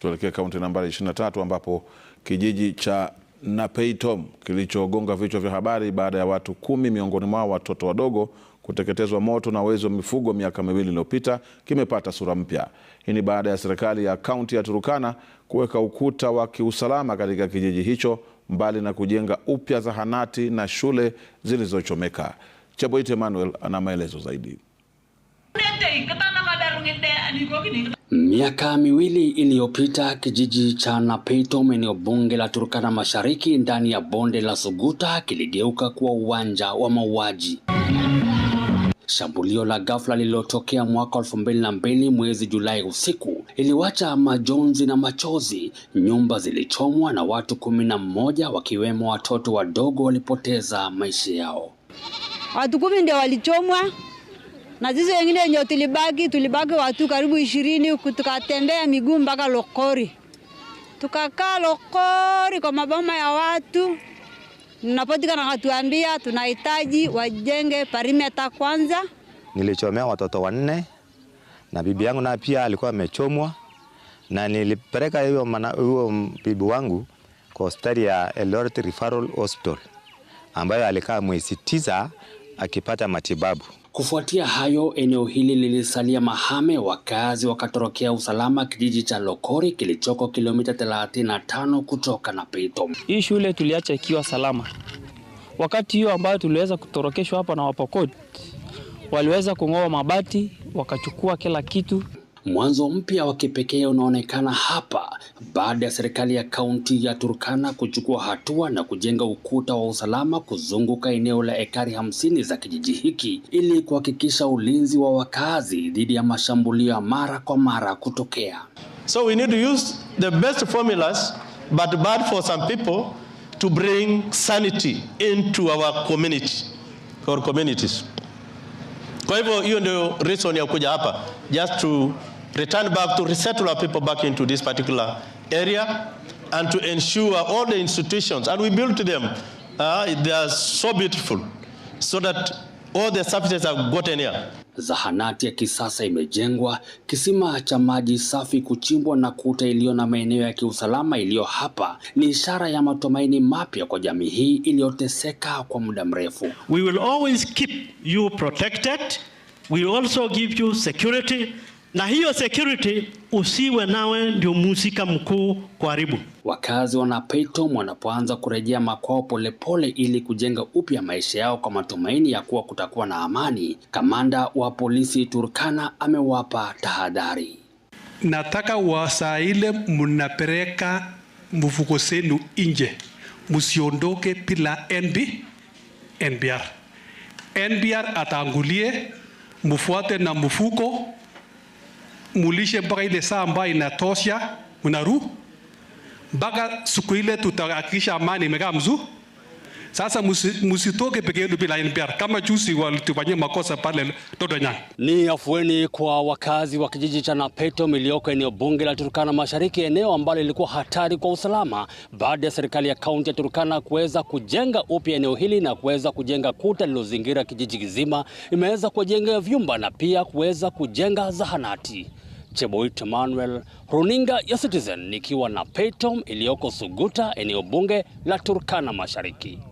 Tuelekee kaunti nambari 23 ambapo kijiji cha Napeitom kilichogonga vichwa vya habari baada ya watu kumi miongoni mwao watoto wadogo kuteketezwa moto na wezi wa mifugo miaka miwili iliyopita kimepata sura mpya. Hii ni baada ya serikali ya kaunti ya Turukana kuweka ukuta wa kiusalama katika kijiji hicho, mbali na kujenga upya zahanati na shule zilizochomeka. Cheboit Emmanuel ana maelezo zaidi. Miaka miwili iliyopita kijiji cha Napeitom eneo bunge la Turkana Mashariki ndani ya bonde la Suguta kiligeuka kuwa uwanja wa mauaji. Shambulio la ghafla lililotokea mwaka elfu mbili na mbili mwezi Julai usiku iliwacha majonzi na machozi. Nyumba zilichomwa na watu kumi na mmoja wakiwemo watoto wadogo walipoteza maisha yao. Watu kumi ndio walichomwa na sisi wengine wenye tulibaki, tulibaki watu karibu ishirini, tukatembea miguu mpaka Lokori, tukakaa Lokori kwa maboma ya watu napotikana katuambia tunahitaji wajenge parimeta kwanza. Nilichomea watoto wanne na bibi yangu na pia alikuwa amechomwa, na nilipeleka huyo bibi wangu kwa hospitali ya Eldoret Referral Hospital ambayo alikaa mwezi tisa akipata matibabu. Kufuatia hayo, eneo hili lilisalia mahame, wakazi wakatorokea usalama kijiji cha Lokori kilichoko kilomita 35 kutoka Pito. Hii shule tuliacha ikiwa salama. Wakati hiyo ambayo tuliweza kutorokeshwa hapa na wapokoti waliweza kung'oa mabati wakachukua kila kitu. Mwanzo mpya wa kipekee unaonekana hapa baada ya serikali ya kaunti ya Turkana kuchukua hatua na kujenga ukuta wa usalama kuzunguka eneo la ekari hamsini za kijiji hiki ili kuhakikisha ulinzi wa wakazi dhidi ya mashambulio ya mara kwa mara kutokea. So we need to use the best formulas but bad for some people to bring sanity into our community or communities. Kwa hivyo hiyo ndio reason ya kuja hapa just to return back to resettle our people back into this particular area and to ensure all the institutions, and we built them, uh, they are so beautiful, so that all the services have gotten here. Zahanati ya kisasa imejengwa, kisima cha maji safi kuchimbwa na kuta iliyo na maeneo ya kiusalama iliyo hapa ni ishara ya matumaini mapya kwa jamii hii iliyoteseka kwa muda mrefu. We will always keep you protected. We will also give you security na hiyo security usiwe nawe ndio mhusika mkuu kuharibu. Wakazi wa Napetom wanapoanza kurejea makwao polepole ili kujenga upya maisha yao kwa matumaini ya kuwa kutakuwa na amani, kamanda wa polisi Turkana amewapa tahadhari. Nataka wasaile mnapereka mfuko zenu nje, msiondoke bila NB, NBR. NBR atangulie, mfuate na mfuko mulishe mpaka ile saa ambayo inatosha unaru mpaka siku ile tutahakikisha amani imekaa mzuri. Sasa msitoke peke yenu bila NPR, kama juzi walitufanyia makosa pale Todonyang. Ni afueni kwa wakazi wa kijiji cha Napeto iliyoko eneo bunge la Turkana Mashariki, eneo ambalo lilikuwa hatari kwa usalama baada ya serikali ya kaunti ya Turkana kuweza kujenga upya eneo hili na kuweza kujenga kuta lililozingira kijiji kizima, imeweza kujenga vyumba na pia kuweza kujenga zahanati. Cheboit Manuel, runinga ya Citizen, nikiwa na Petom iliyoko Suguta, eneo bunge la Turkana Mashariki.